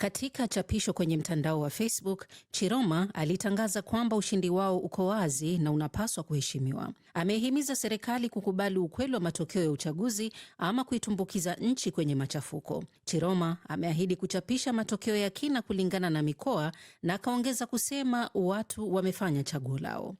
Katika chapisho kwenye mtandao wa Facebook, Chiroma alitangaza kwamba ushindi wao uko wazi na unapaswa kuheshimiwa. Amehimiza serikali kukubali ukweli wa matokeo ya uchaguzi ama kuitumbukiza nchi kwenye machafuko. Chiroma ameahidi kuchapisha matokeo ya kina kulingana na mikoa na akaongeza kusema watu wamefanya chaguo lao.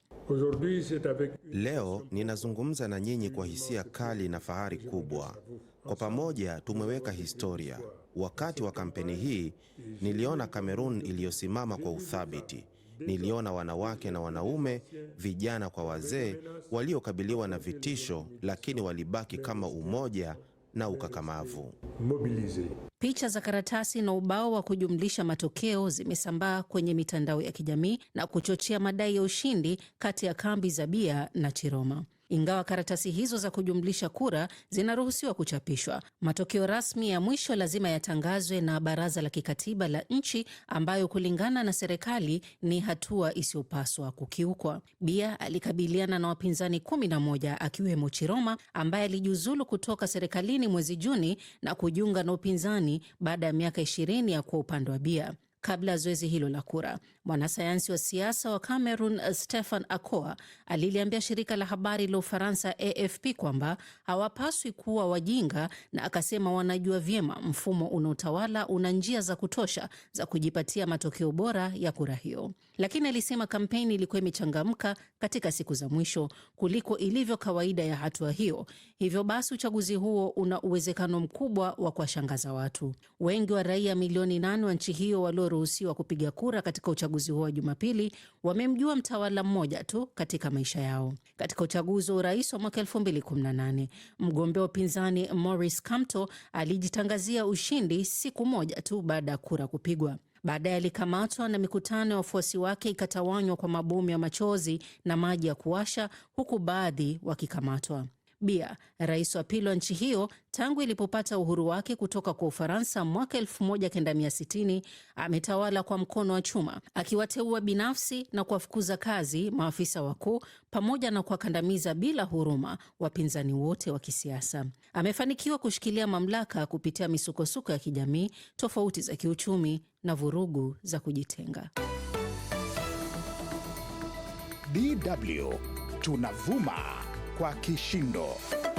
Leo ninazungumza na nyinyi kwa hisia kali na fahari kubwa. Kwa pamoja tumeweka historia. Wakati wa kampeni hii niliona Kamerun iliyosimama kwa uthabiti. Niliona wanawake na wanaume, vijana kwa wazee, waliokabiliwa na vitisho, lakini walibaki kama umoja na ukakamavu. Picha za karatasi na ubao wa kujumlisha matokeo zimesambaa kwenye mitandao ya kijamii na kuchochea madai ya ushindi kati ya kambi za Bia na Chiroma ingawa karatasi hizo za kujumlisha kura zinaruhusiwa kuchapishwa. Matokeo rasmi ya mwisho lazima yatangazwe na Baraza la Kikatiba la nchi, ambayo kulingana na serikali ni hatua isiyopaswa kukiukwa. Bia alikabiliana na wapinzani kumi na moja akiwemo Chiroma ambaye alijiuzulu kutoka serikalini mwezi Juni na kujiunga na upinzani baada ya miaka ishirini ya kuwa upande wa Bia kabla ya zoezi hilo la kura. Mwanasayansi wa siasa wa Cameroon Stefan Akoa aliliambia shirika la habari la Ufaransa AFP kwamba hawapaswi kuwa wajinga, na akasema wanajua vyema mfumo unaotawala una njia za kutosha za kujipatia matokeo bora ya kura hiyo, lakini alisema kampeni ilikuwa imechangamka katika siku za mwisho kuliko ilivyo kawaida ya hatua hiyo. Hivyo basi uchaguzi huo una uwezekano mkubwa wa kuwashangaza watu wengi. Wa raia milioni nane wa nchi hiyo walio walioruhusiwa kupiga kura katika uchaguzi huo wa Jumapili wamemjua mtawala mmoja tu katika maisha yao. Katika uchaguzi wa urais wa mwaka 2018 mgombea wa upinzani Maurice Kamto alijitangazia ushindi siku moja tu baada ya kura kupigwa. Baadaye alikamatwa na mikutano ya wafuasi wake ikatawanywa kwa mabomu ya machozi na maji ya kuwasha, huku baadhi wakikamatwa. Biya, rais wa pili wa nchi hiyo tangu ilipopata uhuru wake kutoka kwa Ufaransa mwaka 1960, ametawala kwa mkono wa chuma, akiwateua binafsi na kuwafukuza kazi maafisa wakuu pamoja na kuwakandamiza bila huruma wapinzani wote wa kisiasa. Amefanikiwa kushikilia mamlaka kupitia misukosuko ya kijamii, tofauti za kiuchumi na vurugu za kujitenga. DW tunavuma kwa kishindo.